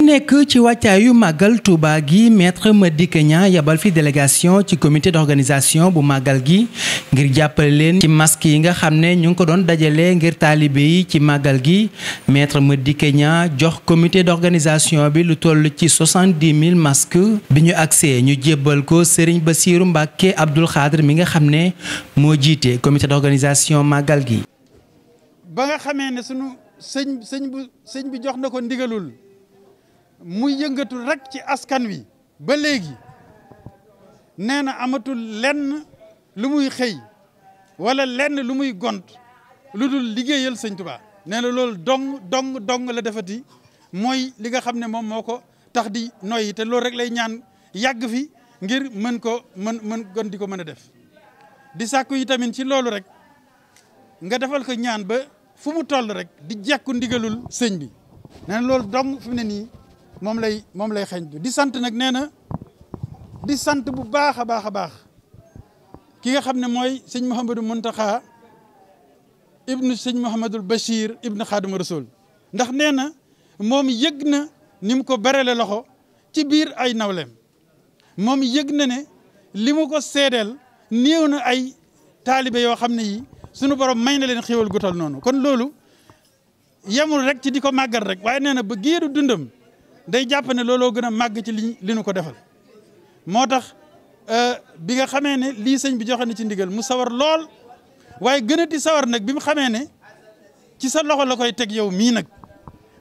nekk ci wàccaayu màggal Touba gi maître Madické Niang yabal fi délégation ci comité d'organisation bu màggal gi ngir jàppale leen ci masque yi nga xam ne ñu ngi ko doon dajale ngir taalibe yi ci màggal gi maître Madické Niang jox comité d'organisation bi lu toll ci soixante-dix mille masques bi ñu agsee ñu jébbal ko Serigne siiru Mbacké Abdoul Khadr mi nga xam ne moo jiite comité d'organisation màggal gi. ba nga xamee ne sunu sëñ sëñ bu sëñ bi jox na ko ndigalul muy yëngatu rek ci askan wi ba léegi nee na amatul lenn lu muy xëy wala lenn lu muy gont lu dul liggéeyal sëñ Tuubaa nee na loolu dong dong dong la defati mooy li nga xam ne moom moo ko tax di noyyi te loolu rek lay ñaan yàgg fi ngir mën ko mën mën gën di ko mën a def di sàkku yi tamit ci loolu rek nga defal ko ñaan ba fu mu toll rek di jekku ndigalul sëñ bi nee na loolu dong nii moom lay moom lay xeeñtu di sant nag nee na di sant bu baax a baax a baax ki nga xam ne mooy sëñ Mouhamadou Mountakha ibnu sëñ Mouhamadul Bachir ibnu Khadima Rasoul ndax nee na moom yëg na ni ko barele loxo ci biir ay nawleem moom yëg na ne li mu ko seedeel néew na ay taalibe yoo xam ne yi sunu borom may na leen xéewal gu toll noonu kon loolu yemul rek ci di ko màggal rek waaye nee na ba géeru dundam day jàpp ne looloo gën a màgg ci li li ko defal moo tax euh, bi nga xamee ne lii sëñ bi joxe na ci ndigal mu sawar lool waaye gën a di sawar nag bi mu xamee ne ci sa loxo la koy teg yow mii nag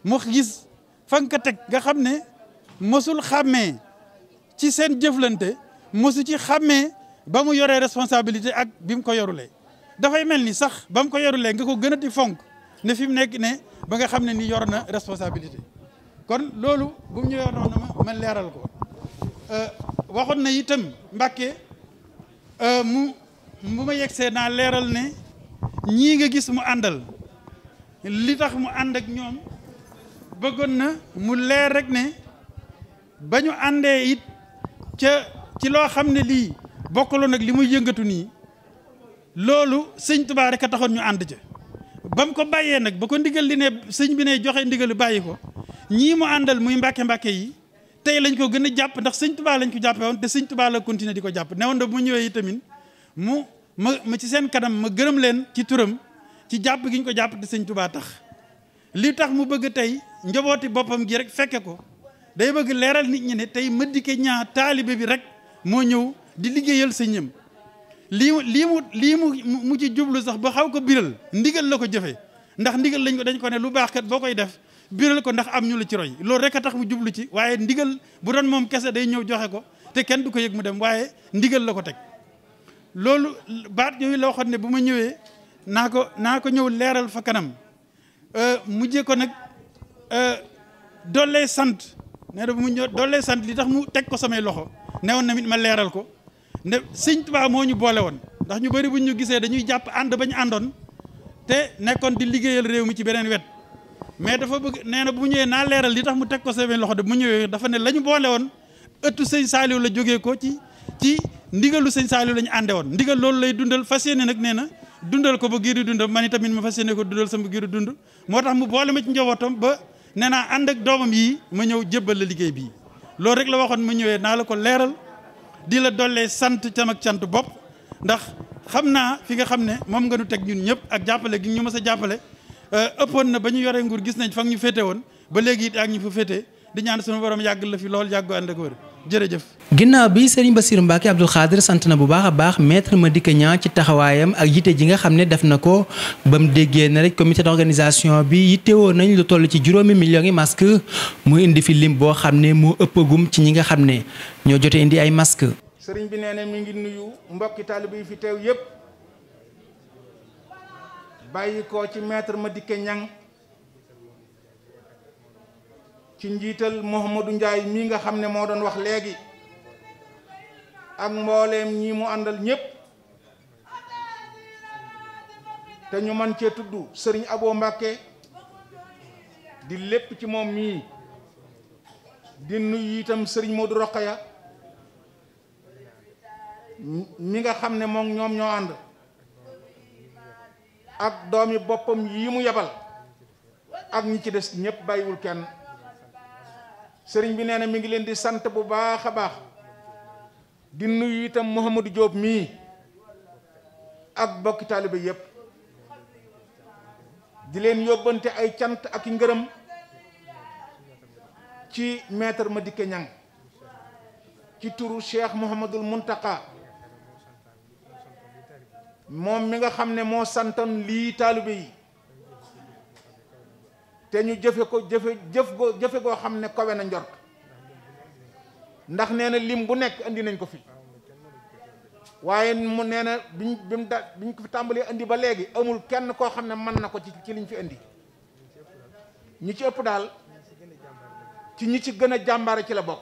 mu gis fa nga ko teg nga xam ne mosul xàmmee ci seen jëflante masu ci xàmmee ba mu yoree responsabilité ak bi mu ko yorulee dafay mel ni sax ba mu ko yorulee nga ko gën a di fonk ne fi mu nekk ne ba nga xam ne ni yor na responsabilité kon loolu bu mu ñëwee noonu ma leeral ko euh, waxoon na itam Mbàkke euh, mu bu ma yegsee naa leeral ne ñii nga gis mu àndal li tax mu ànd ak ñoom bëggoon na mu leer rek ne ba ñu àndee it ca ci loo xam ne lii bokkaloon ak li muy yëngatu nii loolu sëñ Tuubaa rek a taxoon ñu ànd ca ba mu ko bàyyee nag ba ko ndigal li ne sëñ bi ne joxe ndigal bàyyi ko ñii mu àndal muy mbàkke mbàkke yi tey lañ ko gën a jàpp ndax sëñ Tuubaa lañ ko jàppee woon te sëñ Tuubaa la continuer di ko jàpp newoon na mu ñëwee itamit mu ma ma ci seen kanam ma gërëm leen ci turam ci jàpp gi ñu ko jàpp te sëñ tubaa tax li tax mu bëgg tey njabooti boppam gi rek fekke ko day bëgg leeral nit ñi ne tey Madické Niang taalibe bi rek moo ñëw di liggéeyal sëñam lii mu lii mu lii mu mu ci jublu sax ba xaw ko biral ndigal la ko jëfee ndax ndigal lañ ko dañ ko ne lu baax kat boo koy def biral ko ndax am ñu la ci roy loolu rek a tax mu jublu ci waaye ndigal bu doon moom kese day ñëw joxe ko te kenn du ko yëg mu dem waaye ndigal la ko teg loolu baat yooyu la waxoon ne bu ma ñëwee naa ko naa ko ñëw leeral fa kanam euh, mujjee ko nag euh, dollee sant nee na bu mu ñëw dollee sant li tax mu teg ko samay loxo newoon na mit ma leeral ko ne sëñ Tuubaa moo ñu boole woon ndax ñu bari buñ ñu gisee dañuy jàpp ànd ba ñu àndoon te nekkoon di liggéeyal réew mi ci beneen wet mais dafa bëgg nee na bu ñëwee naa leeral li tax mu teg ko seen loxo de bu ñëwee dafa ne la ñu boole woon ëttu sëñ Saaliw la jógee ko ci ci ndigalu sëñ Saaliw la ñu ànde woon loolu lay dundal fas yéene nag nee na dundal ko ba giiru dund man itamit ma fas yéene ko dundal sama giiru dund moo tax mu boole ma ci ba nee naa ànd ak doomam yii ma ñëw jébbal la liggéey bii loolu rek la waxoon ma ñëwee naa la ko leeral di la dollee sant cam ak bopp ndax xam naa fi nga xam ne moom nga nu teg ñun ñëpp ak jàppale gi ñu mës a jàppale euh, ëppoon na ba ñu yoree nguur gis nañ fa ñu féete woon ba léegi it ak ñu fa féete di ñaan sunu borom yàgg la fi lool yàggu ànd ak wër jërëjëf. ginnaaw bi Serigne Bassirou Mbacke Abdoul Khadir sant na bu baax a baax maître Madické Niang ci taxawaayam ak yitte ji nga xam ne def na ko ba mu déggee ne rek comité d'organisation bi yittewoo nañ lu toll ci juróomi millions yi masque mu indi fi lim boo xam ne moo ëppagum ci ñi nga xam ne ñoo jotee indi ay masque sëriñ bi nee na mi ngi nuyu mbokki taalibe yi fi teew yépp bàyyi ko ci maître Madické Niang ci njiital Mouhamadou njaay mii nga xam ne moo doon wax léegi ak mbooleem ñii mu àndal ñépp te ñu man cee tudd sëriñ Abo Mbàkke di lépp ci moom mii di nuyu itam sëriñ Modou Rokhaya mi nga xam ne moom ñoom ñoo ànd ak doomi boppam yi mu yebal ak ñi ci des ñépp bàyyiwul kenn sëriñ bi nee na mi ngi leen di sant bu baax a baax di nuyu itam Mouhamadou Diop mii ak bokki taaliba yépp di leen yóbbante ay cant ak ngërëm ci maître Madické Niang ci turu Cheikh Mouhamadul Muntaka moom mi nga xam ne moo santan lii taalibe yi te ñu jëfe ko jëfe jëf go jëfe goo xam ne kowe na njort ndax nee na lim bu nekk indi nañ ko fi waaye mu nee na biñ bimu da biñ ko fi tàmbalee indi ba léegi amul kenn koo xam ne mën na ko ci ci liñ fi indi ñi ci ëpp daal ci ñi ci gën a jàmbaare ci la bokk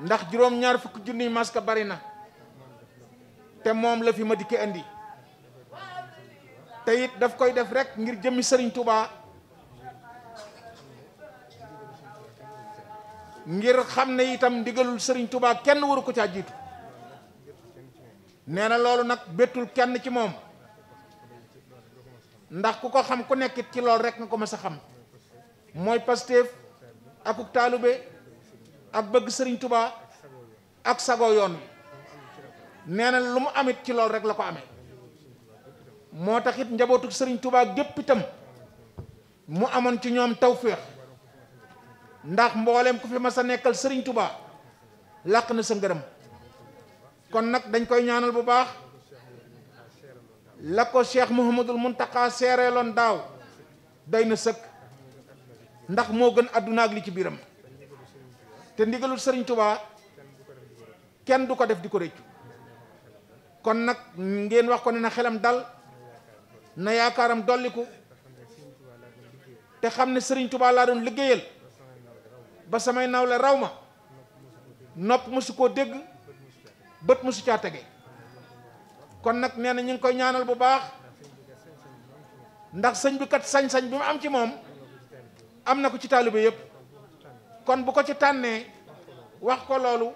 ndax juróom-ñaar fukki junniy masque bari na te moom la fi ma di indi te it daf koy def rek ngir jëmmi sëriñ Touba ngir xam ne itam ndigalul sëriñ Touba kenn waru ko caa jiitu nee na loolu nag bettul kenn ci moom ndax ku ko xam ku nekkit ci loolu rek nga ko mës a xam mooy Pastef akuk taalube ak bëgg sëriñ Touba ak sago yoon nee na lu mu amit ci loolu rek la ko amee moo taxit njabootu sëriñ Touba gépp itam mu amoon ci ñoom tawféex ndax mbooleem ku fi ma sa nekkal sëriñ Touba làq na sa ngërëm kon nag dañ koy ñaanal bu baax la ko Cheikh Mouhamadul Mountakha seereeloon daaw doy na sëkk ndax moo gën àdduna ak li ci biiram te ndigalul sëriñ tubaa kenn du ko def di ko réccu kon nag ngeen wax ko ne na xelam dal na yaakaaram dolliku te xam ne sëriñ Touba laa doon liggéeyal ba samay nawle raw ma nopp mosu koo dégg bët mosu caa tege kon nag nee na ñu ngi koy ñaanal bu baax ndax sëñ bi kat sañ-sañ bi mu am ci moom am na ko ci taalibe yépp kon bu ko ci tànnee wax ko loolu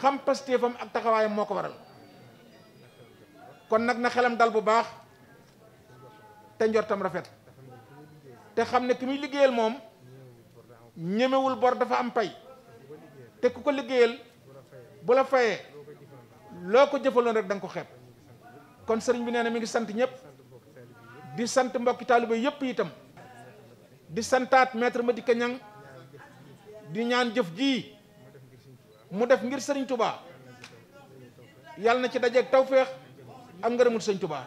xam pastéefam ak taxawaayam moo ko waral. kon nag na xelam dal bu baax te njortam rafet te xam ne ki muy liggéeyal moom ñemewul bor dafa am pay te ku ko liggéeyal bu la fayee loo ko jëfaloon rek da ko xeeb kon sëriñ bi nee na mi ngi sant ñëpp di sant mbokki taaliba yëpp itam di santaat maître Madické Niang di ñaan jëf ji mu def ngir sëriñ tubaa yàlla na ci dajeeg tawféex am ngërëmul sëñ Tuubaa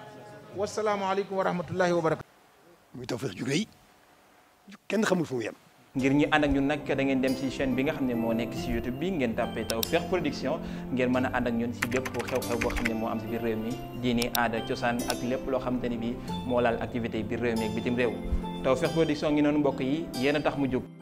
wasalaamualeykum wa rahmatullahi wa barakatu muy Tawfekh ju rëy kenn xamul fu mu ngir ñu ànd ak ñun nag da ngeen dem ci chaîne bi nga xam ne moo nekk ci YouTube bi ngeen tàppee Tawfekh Production ngeen mën a ànd ak ñun ci bépp xew-xew boo xam ne moo am ci biir réew mi diini aada cosaan ak lépp loo xamante ni bi moo laal activité biir réew mi ak bitim réew Tawfekh Production ngi noonu mbokk yi yéen a tax mu jóg